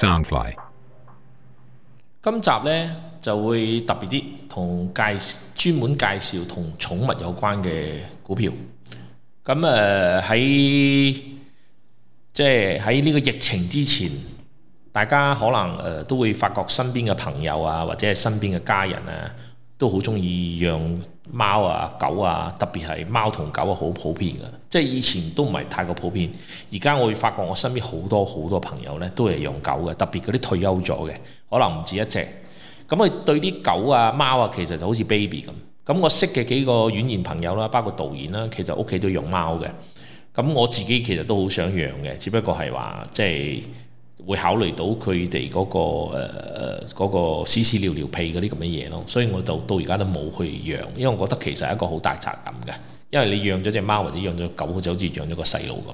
Soundfly 今集呢，就會特別啲，同介紹專門介紹同寵物有關嘅股票。咁誒喺即係喺呢個疫情之前，大家可能誒、呃、都會發覺身邊嘅朋友啊，或者係身邊嘅家人啊，都好中意養貓啊、狗啊，特別係貓同狗啊，好普遍㗎。即係以前都唔係太過普遍，而家我會發覺我身邊好多好多朋友呢，都係養狗嘅，特別嗰啲退休咗嘅，可能唔止一隻。咁佢對啲狗啊、貓啊，其實就好似 baby 咁。咁我識嘅幾個演員朋友啦，包括導演啦，其實屋企都養貓嘅。咁我自己其實都好想養嘅，只不過係話即係。會考慮到佢哋嗰個誒嗰個屎屎尿尿屁嗰啲咁嘅嘢咯，所以我就到而家都冇去養，因為我覺得其實係一個好大責任嘅，因為你養咗隻貓或者養咗狗就好似養咗個細路咁。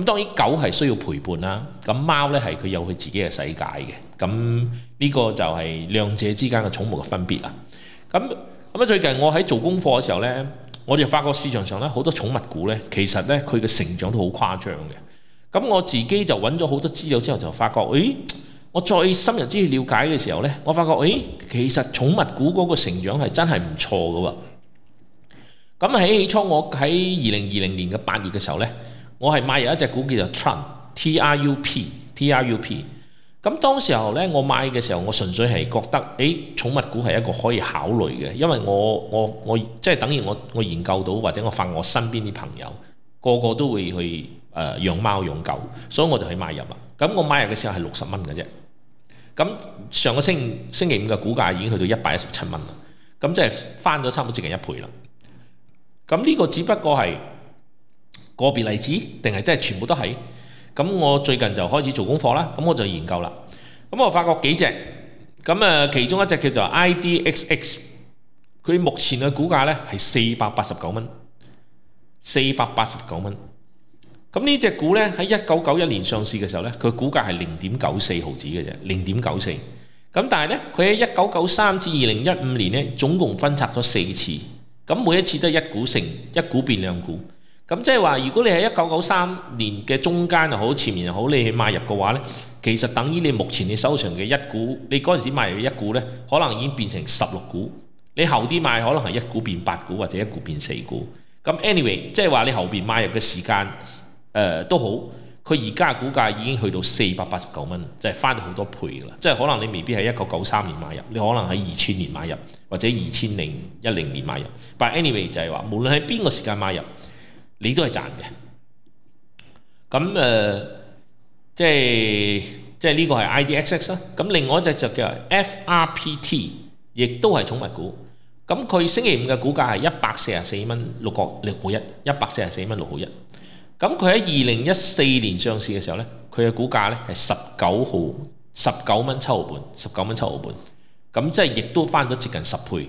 咁當然狗係需要陪伴啦，咁貓呢係佢有佢自己嘅世界嘅。咁呢個就係兩者之間嘅寵物嘅分別啦。咁咁啊，最近我喺做功課嘅時候呢，我就發覺市場上呢好多寵物股呢，其實呢，佢嘅成長都好誇張嘅。咁我自己就揾咗好多資料之後，就發覺，誒、欸，我再深入啲去了解嘅時候呢，我發覺，誒、欸，其實寵物股嗰個成長係真係唔錯嘅、啊。咁喺起初我喺二零二零年嘅八月嘅時候呢，我係買入一隻股叫做 TRUP，TRUP。咁當時候呢，我買嘅時候，我純粹係覺得，誒、欸，寵物股係一個可以考慮嘅，因為我我我即係、就是、等於我我研究到或者我發我身邊啲朋友個個都會去。誒、呃、養貓養狗，所以我就去買入啦。咁我買入嘅時候係六十蚊嘅啫。咁上個星星期五嘅股價已經去到一百一十七蚊啦。咁即係翻咗差唔多接近一倍啦。咁呢個只不過係個別例子，定係真係全部都係？咁我最近就開始做功課啦。咁我就研究啦。咁我發覺幾隻，咁誒、其中一隻叫做 IDXX，佢目前嘅股價呢係四百八十九蚊，四百八十九蚊。咁呢隻股咧喺一九九一年上市嘅時候咧，佢股價係零點九四毫子嘅啫，零點九四。咁但係咧，佢喺一九九三至二零一五年咧總共分拆咗四次，咁每一次都係一股成一股變兩股。咁即係話，如果你喺一九九三年嘅中間又好，前面又好，你去買入嘅話咧，其實等於你目前你收藏嘅一股，你嗰陣時買入嘅一股咧，可能已經變成十六股。你後啲買可能係一股變八股或者一股變四股。咁 anyway，即係話你後面買入嘅時間。誒、呃、都好，佢而家嘅股價已經去到四百八十九蚊，即係翻咗好多倍噶啦！即係可能你未必係一九九三年買入，你可能喺二千年買入，或者二千零一零年買入。But anyway 就係話，無論喺邊個時間買入，你都係賺嘅。咁誒、呃，即係即係呢個係 IDXX 啦。咁另外一隻就叫 FRPT，亦都係寵物股。咁佢星期五嘅股價係一百四十四蚊六角六毫一，一百四十四蚊六毫一。咁佢喺二零一四年上市嘅時候呢，佢嘅股價呢係十九號，十九蚊七毫半，十九蚊七毫半。咁即係亦都翻咗接近十倍。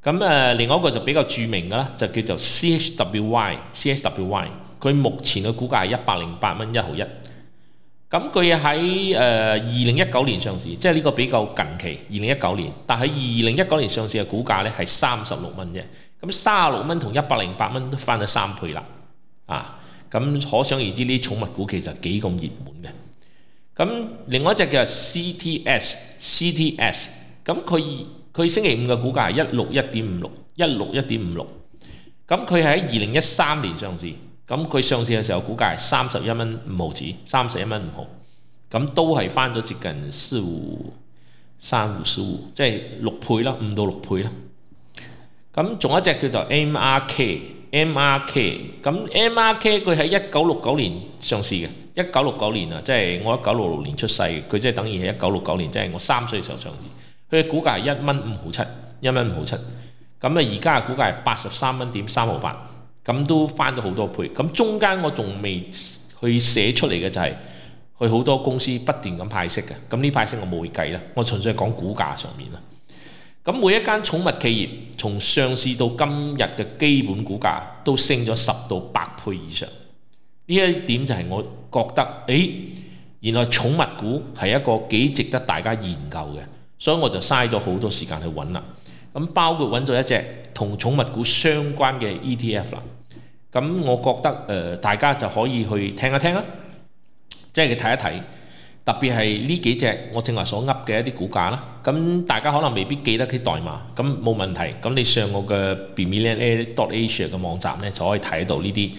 咁誒、呃，另外一個就比較著名嘅啦，就叫做 C H W Y C H W Y。佢目前嘅股價係一百零八蚊一毫一。咁佢喺誒二零一九年上市，即係呢個比較近期，二零一九年。但喺二零一九年上市嘅股價呢係三十六蚊啫。咁三十六蚊同一百零八蚊都翻咗三倍啦。啊，咁可想而知呢啲寵物股其實幾咁熱門嘅。咁另外一隻叫 CTS，CTS，咁佢佢星期五嘅股價係一六一點五六，一六一點五六。咁佢係喺二零一三年上市，咁佢上市嘅時候股價係三十一蚊五毫紙，三十一蚊五毫，咁都係翻咗接近四五三五四五，即係六倍啦，五到六倍啦。咁仲有一隻叫做 MRK。MRK，咁 MRK 佢喺一九六九年上市嘅，一九六九年啊，即係我一九六六年出世，佢即係等於喺一九六九年，即係我三歲嘅時候上市。佢嘅股價係一蚊五毫七，一蚊五毫七。咁啊，而家嘅股價係八十三蚊點三毫八，咁都翻咗好多倍。咁中間我仲未去寫出嚟嘅就係佢好多公司不斷咁派息嘅，咁呢派息我冇去計啦，我純粹係講股價上面啦。咁每一間寵物企業從上市到今日嘅基本股價都升咗十到百倍以上，呢一點就係我覺得，誒、哎，原來寵物股係一個幾值得大家研究嘅，所以我就嘥咗好多時間去揾啦。咁包括揾咗一隻同寵物股相關嘅 ETF 啦。咁我覺得、呃、大家就可以去聽一聽啦，即係你睇一睇。特別係呢幾隻，我正話所噏嘅一啲股價啦。咁大家可能未必記得啲代碼，咁冇問題。咁你上我嘅 B M L A dot Asia 嘅網站呢，就可以睇到呢啲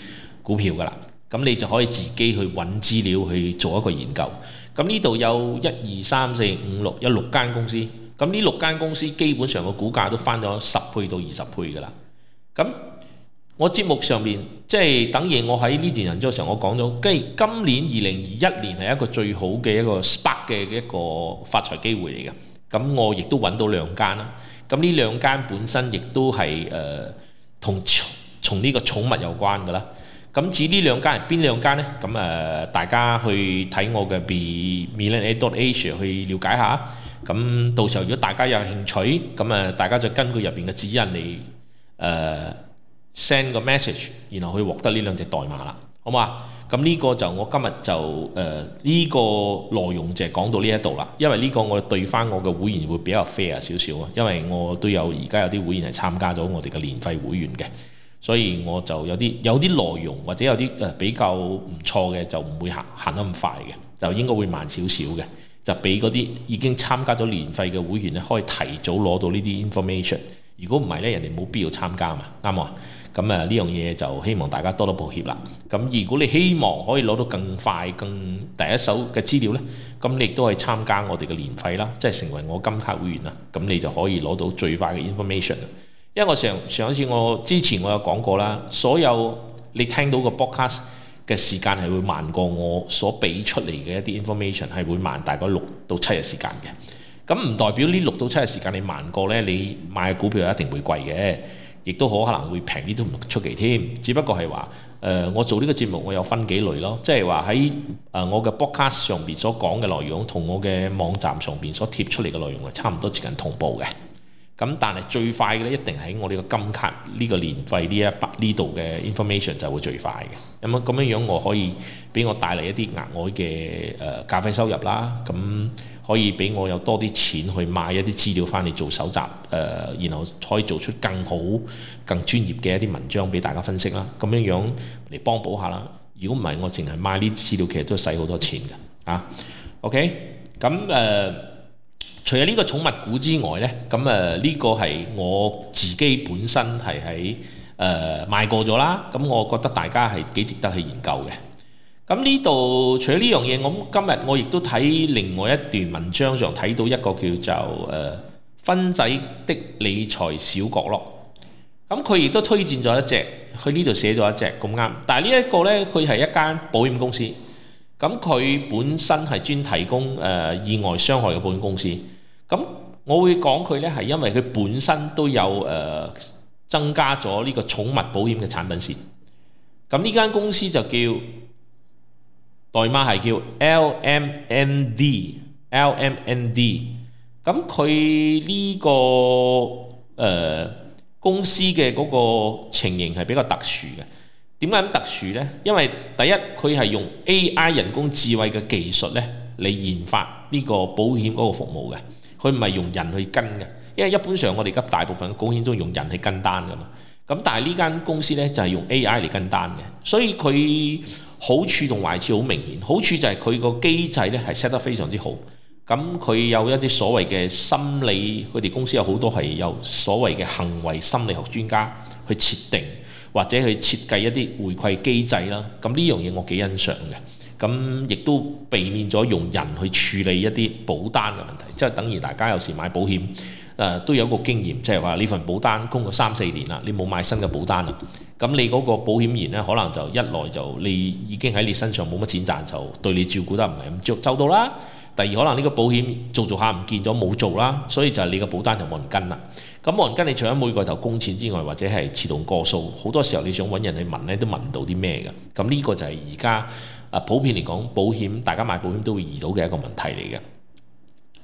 股票噶啦。咁你就可以自己去揾資料去做一個研究。咁呢度有一二三四五六，有六間公司。咁呢六間公司基本上個股價都翻咗十倍到二十倍噶啦。咁我節目上面，即係等於我喺呢段人裝嘅時候我講咗，跟住今年二零二一年係一個最好嘅一個 spark 嘅一個發財機會嚟嘅。咁我亦都揾到兩間啦。咁呢兩間本身亦都係誒同從呢個寵物有關嘅啦。咁至於呢兩間係邊兩間呢？咁誒、呃、大家去睇我嘅 Be Millionaire Asia 去了解一下。咁到時候如果大家有興趣，咁誒大家就根據入邊嘅指引嚟誒。呃 send 個 message，然後可以獲得呢兩隻代碼啦，好嘛？咁呢個就我今日就呢、呃呢個內容就係講到呢一度啦。因為呢個我對翻我嘅會員會比較 fair 少少啊，因為我都有而家有啲會員係參加咗我哋嘅年費會員嘅，所以我就有啲有啲內容或者有啲比較唔錯嘅就唔會行行得咁快嘅，就應該會慢少少嘅，就俾嗰啲已經參加咗年費嘅會員咧，可以提早攞到呢啲 information。如果唔係咧，人哋冇必要參加嘛，啱啊，咁啊，呢樣嘢就希望大家多多抱歉啦。咁如果你希望可以攞到更快、更第一手嘅資料呢，咁你亦都係參加我哋嘅年費啦，即係成為我金卡會員啊。咁你就可以攞到最快嘅 information。因為我上上次我之前我有講過啦，所有你聽到個 podcast 嘅時間係會慢過我所俾出嚟嘅一啲 information 係會慢大概六到七日時間嘅。咁唔代表呢六到七日時間你慢過呢，你買嘅股票一定會貴嘅，亦都可能會平啲都唔出奇添。只不過係話、呃，我做呢個節目，我有分幾類咯，即係話喺我嘅 b l o g 上面所講嘅內容，同我嘅網站上面所貼出嚟嘅內容係差唔多時間同步嘅。咁但係最快嘅咧，一定喺我呢個金卡呢個年費呢一呢度嘅 information 就會最快嘅。咁樣咁樣樣我可以俾我帶嚟一啲額外嘅誒、呃、咖啡收入啦，咁。可以俾我有多啲錢去買一啲資料翻嚟做搜集，誒、呃，然後可以做出更好、更專業嘅一啲文章俾大家分析啦。咁樣樣嚟幫補下啦。如果唔係，我淨係買啲資料，其實都使好多錢嘅。啊，OK，咁誒、呃，除咗呢個寵物股之外呢，咁誒呢個係我自己本身係喺誒賣過咗啦。咁我覺得大家係幾值得去研究嘅。咁呢度除咗呢樣嘢，咁我今日我亦都睇另外一段文章，上睇到一個叫做誒分仔的理財小角落。咁佢亦都推薦咗一隻，佢呢度寫咗一隻咁啱。但係呢一個呢，佢係一間保險公司，咁佢本身係專提供意外傷害嘅保險公司。咁我會講佢呢，係因為佢本身都有誒增加咗呢個寵物保險嘅產品線。咁呢間公司就叫。代碼係叫 L M N D L M N D，咁佢呢個誒公司嘅嗰個情形係比較特殊嘅。點解咁特殊呢？因為第一佢係用 A I 人工智慧嘅技術呢嚟研發呢個保險嗰個服務嘅，佢唔係用人去跟嘅。因為一般上我哋而家大部分嘅保險都用人去跟單㗎嘛。咁但係呢間公司呢，就係用 AI 嚟跟單嘅，所以佢好處同壞處好明顯。好處就係佢個機制呢係 set 得非常之好，咁佢有一啲所謂嘅心理，佢哋公司有好多係有所謂嘅行為心理學專家去設定或者去設計一啲回饋機制啦。咁呢樣嘢我幾欣賞嘅，咁亦都避免咗用人去處理一啲保單嘅問題，即係等於大家有時買保險。誒、啊、都有一個經驗，即係話呢份保單供咗三四年啦，你冇買新嘅保單啦，咁你嗰個保險員咧，可能就一來就你已經喺你身上冇乜錢賺，就對你照顧得唔係咁着周到啦；第二可能呢個保險做做下唔見咗冇做啦，所以就係你個保單就冇人跟啦。咁冇人跟，你除咗每個月頭供錢之外，或者係自動過數，好多時候你想揾人去問咧，都問唔到啲咩嘅。咁呢個就係而家普遍嚟講，保險大家買保險都會遇到嘅一個問題嚟嘅。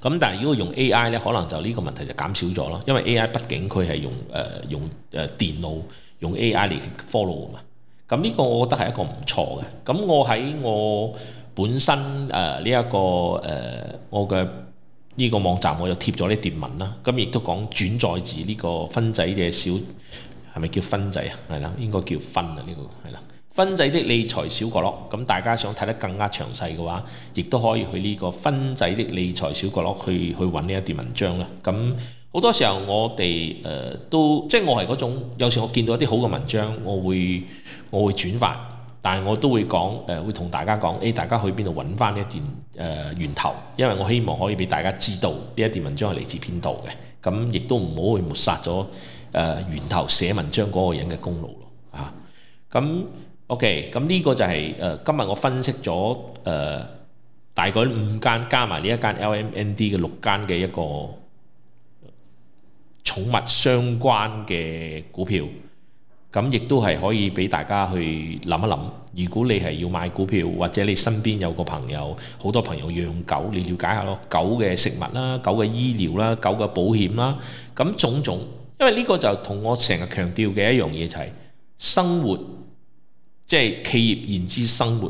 咁但係如果用 A.I. 咧，可能就呢個問題就減少咗咯，因為 A.I. 畢竟佢係用誒、呃、用誒電腦用 A.I. 嚟 follow 嘛。咁呢個我覺得係一個唔錯嘅。咁我喺我本身誒呢一個誒、呃、我嘅呢、這個呢個網站，我有貼咗呢段文啦。咁亦都講轉載自呢個分仔嘅小係咪叫分仔啊？係啦，應該叫分啊呢、呢個係啦。分制的理財小角落，咁大家想睇得更加詳細嘅話，亦都可以去呢、這個分制的理財小角落去去揾呢一段文章啦。咁好多時候我哋誒、呃、都即係我係嗰種，有時候我見到一啲好嘅文章，我會我會轉發，但係我都會講誒、呃、會同大家講，誒大家去邊度揾翻呢一段誒、呃、源頭，因為我希望可以俾大家知道呢一段文章係嚟自邊度嘅，咁亦都唔好去抹殺咗誒、呃、源頭寫文章嗰個人嘅功勞咯。啊，咁。OK，咁呢個就係誒今日我分析咗誒大概五間加埋呢一間 LMND 嘅六間嘅一個寵物相關嘅股票，咁亦都係可以俾大家去諗一諗。如果你係要買股票，或者你身邊有個朋友，好多朋友養狗，你了解下咯，狗嘅食物啦，狗嘅醫療啦，狗嘅保險啦，咁種種，因為呢個就同我成日強調嘅一樣嘢就係生活。即係企業言之生活，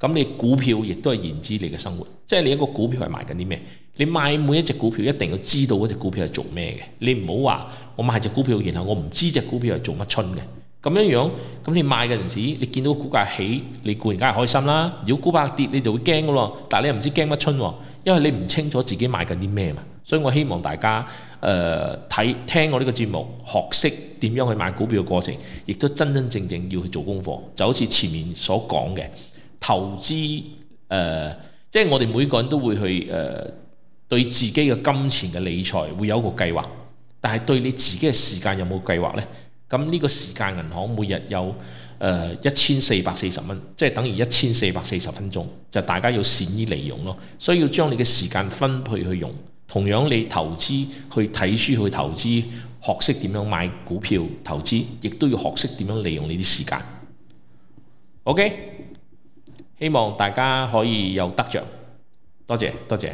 咁你股票亦都係言之你嘅生活。即係你一個股票係賣緊啲咩？你買每一隻股票一定要知道嗰隻股票係做咩嘅。你唔好話我買隻股票，然後我唔知隻股票係做乜春嘅。咁樣樣，咁你買嘅陣時，你見到股價起，你固然梗係開心啦。如果股價跌，你就會驚噶咯。但係你又唔知驚乜春，因為你唔清楚自己買緊啲咩嘛。所以我希望大家誒睇、呃、聽我呢個節目，學識點樣去買股票嘅過程，亦都真真正正要去做功課。就好似前面所講嘅投資誒，即、呃、係、就是、我哋每個人都會去誒、呃、對自己嘅金錢嘅理財會有一個計劃，但係對你自己嘅時間有冇計劃呢？咁呢個時間銀行每日有誒一千四百四十蚊，即、呃、係、就是、等於一千四百四十分鐘，就是、大家要善於利用咯。所以要將你嘅時間分配去用。同樣你投資去睇書去投資，學識點樣買股票投資，亦都要學識點樣利用呢啲時間。OK，希望大家可以有得着，多謝多謝。